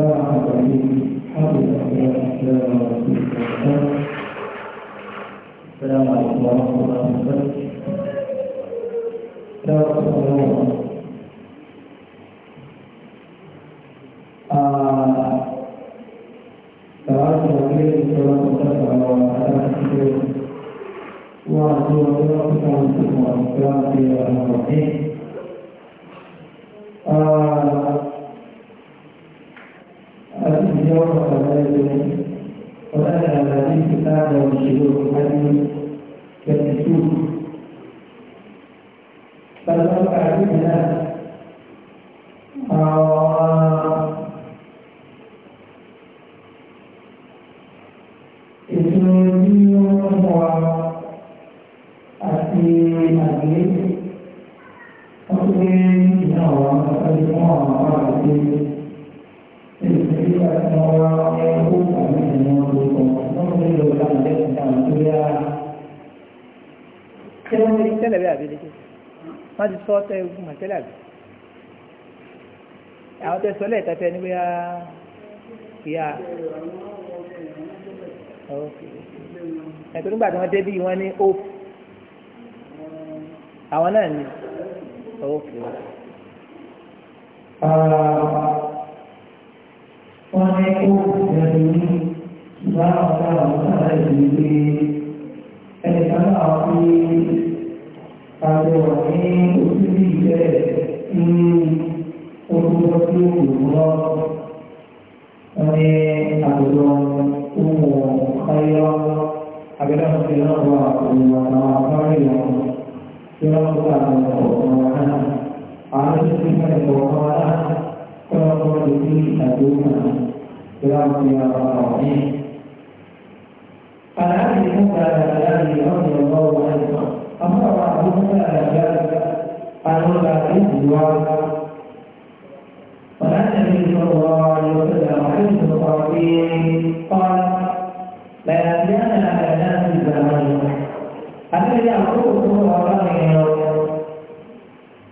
السلام عليكم ورحمة الله وبركاته السلام عليكم ورحمة الله وبركاته يا رسول الله تعالى وكيل الصلاة والسلام على رسول الله وعلى آله وصحبه وسلم توقف ذلك وأتى هذه الكتاب والشذوذ الحديث كالنسوس فالوقع منها Thank you tẹ́lẹ̀ bí àbílẹ̀ jẹ́ wọ́n ti sọ ọ́tẹ́ ogun mọ̀ tẹ́lẹ̀ àbí àwọn tẹ́ sọlẹ̀ ìtàtẹ́ ní bí a kì á ẹ̀tọ́ nígbà tí wọ́n débí wọ́n ní ó àwọn náà ní ó kì í. tí ó tó lọ sí òwúrọ̀ wọn ní àgbẹ̀dọ̀ ohun ayọ́ àgbẹ̀dọ̀ ti náà wà òun àwọn àbárí wọn tí wọ́n ń gbà àwọn ọ̀gbọ̀n wọn náà àwọn tó ti fẹ́ ọ̀gbọ̀n wọn náà kọ́ ọkọ̀ lè fi àdéhùn náà tí wọ́n fi àwọn ọ̀gbọ̀n yìí. فعن ابي موسى الاشعري رضي الله عنه امر ابو موسى الاشعري فنرد عليه وعن النبي صلى الله عليه وسلم حديث الطرفين قال لا يأتينا على ناس الزمان حتى يعقوب وراءه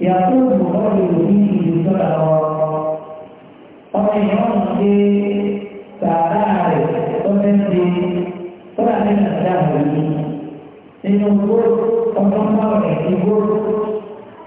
يعقوب رجل فيه بسرعة ومن يوم تعالى ومن فلا من الدهر منه إنه يقول ومن فرع يقول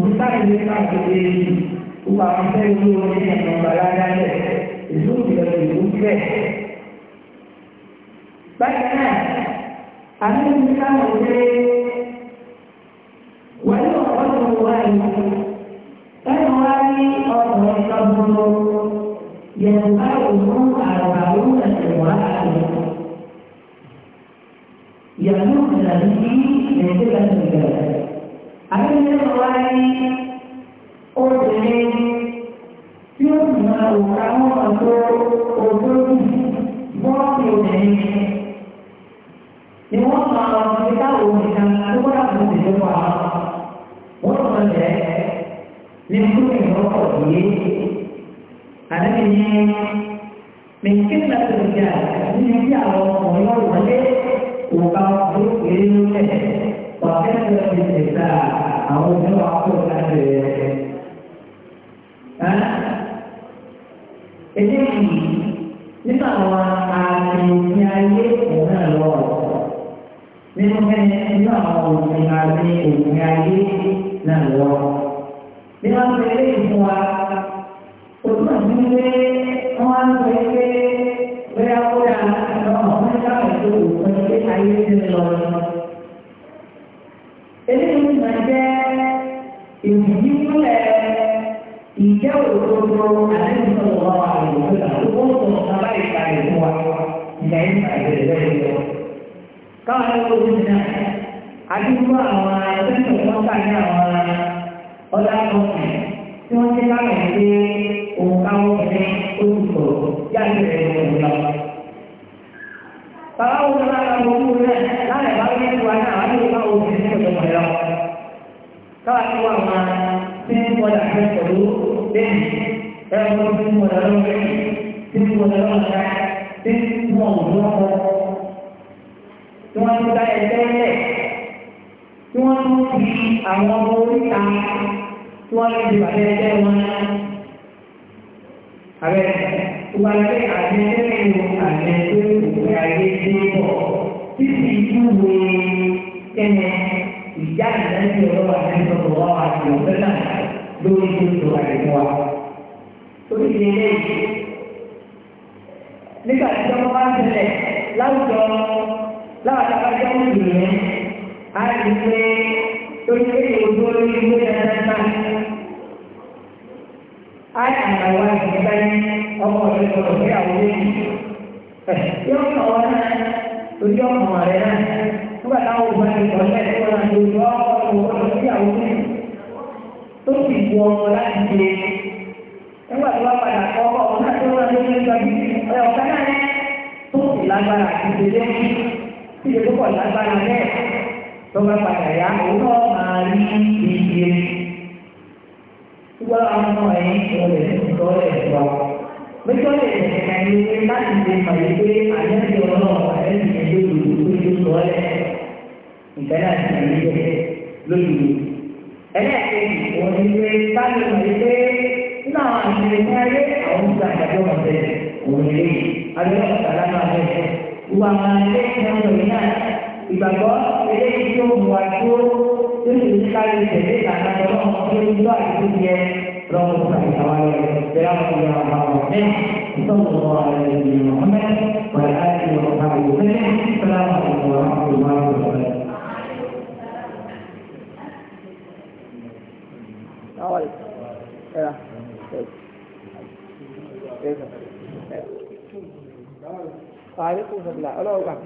Bukan dia tak boleh Ubat kita itu Dia nak membalas dan dia Itu kita boleh buka Baiklah kan? Hari ini kita boleh Yang tahu semua adalah orang yang berwajib, yang mengenali dan tidak tinggal. نحكم الغرفة دي أنا من من كلمة الرجال من هي على الصغير ولد وقال حروف غيره وكثرة النساء أو جمع كل ها eléyìí nípa àwọn ààrin ní ayé òun náà lọ nínú kẹ́ni nínú àwọn òfin ààrin òfin ayé náà lọ. ní ọmọ ọmọ ẹ̀ka ètò òkun pé ayé ti ń lọ. eléyìí máa jẹ́ ìdí múlẹ̀ ìjẹ́ òdodo àlejò ọ̀rọ̀ àyẹ̀wò àdúgbò ọ̀sán ọ̀sán láì ka ìfún wa ìyá ìfà ìbẹ̀rẹ̀ bẹ́ẹ̀ lọ. káwọn ẹgbẹ́ òkú ti náà adúgbò àwọn ẹgbẹ́ ìfọ̀kànlá ní àwọn láàrín ọ̀sẹ̀ tí wọ́n ti láàrín pé òun ọ̀sẹ̀ tó ń sọ jáde rẹ̀ lọ́wọ́ lọ. Bàbá wo ló lára ojú rẹ̀ láàrín bá wí ìwà náà wá ní ìwà òsì ní ọ̀dọ̀ lọ. Káwá tí wọ́n máa ti ń bọ̀dà fẹ́ pẹ̀lú bẹ́ẹ̀ ẹ̀rọ tó ti ń bọ̀dà lọ́wọ́ ti ń bọ̀dà lọ́wọ́ ti ń mọ̀ òwúrọ̀ tí wọ́n ti dá ẹgbẹ́ lẹ̀ tí wọ́n tún fi àwọn ọmọ oríta tí wọ́n lè dìbò àti ẹgbẹ́ wọn náà. Àbẹ̀ ìgbàlódé àti ẹgbẹ́ ìwò àti ẹgbẹ́ òkè ayé dé bọ̀ títí ìdúró kẹ́nẹ ìjà ìdájọ́ ọlọ́wà àti ìtọ́kọ̀ wá àti ọ̀fẹ́ náà lórí ìdúró àdìmọ́ wa. Torí ti ilé yìí, nígbà tí wọ́n bá ń tẹ̀lẹ̀ láwùjọ láwùjọ bá jẹ́ òṣèlú yẹn, á rí i pé lórí pé ojú olórí ló dáná báyìí. a àyàwó àgbẹ̀bá ọmọ rẹ̀ sọ̀rọ̀ pé àwọn olóyè yóò kọ̀ wọ́n náà lójú ọmọ rẹ̀ náà nígbà táwọn òbí wọn ti sọ lẹ́yìn tó wọn lójú ọmọ wọn sí àwọn olóyè tó sì bu ọmọ láti ṣe nígbà tó wá padà kọ́ ọmọ náà tó wọn lójú ọjọ́ bí ọ̀gá náà tó sì lágbára àti ìdílé ìdílé tó pọ̀ lágbára bẹ́ẹ̀ tó bá padà yá òun náà máa rí iye gbogbo àwọn ọmọ ẹ̀yìn ìṣọ̀lẹ̀ ìṣọ̀lẹ̀ ìṣọ̀ méjọ́lẹ̀ ìṣẹ̀lẹ̀ ìwé láti lè pàdé pé àyẹ̀sí ọlọ́run àyẹ̀sí ẹgbẹ́ òdòdó tó sọ̀lẹ̀ ìfẹ́lẹ̀ àti ìṣẹ̀lẹ̀ lójúdó ẹlẹ́ẹ̀kejì òun ni pé láti pàdé pé nínú àwọn àṣìlẹ̀ ní ayé àwọn ìgbà àjọ ọ̀sẹ̀ òun ni àbí ọ̀sẹ̀ alágbàá bẹ̀rẹ̀ gbogbo àwọn ilé ìṣẹ́ ibadah jadi itu muncul itu sekali jadi karena kalau muncul juga itu dia Rasul Allah SAW dalam dunia Allah itu semua ada di dunia Muhammad pada hari yang akan datang selama Assalamualaikum warahmatullahi ya. ya. ya. wabarakatuh. ààrẹ kò sọ̀rọ̀ ọlọ́run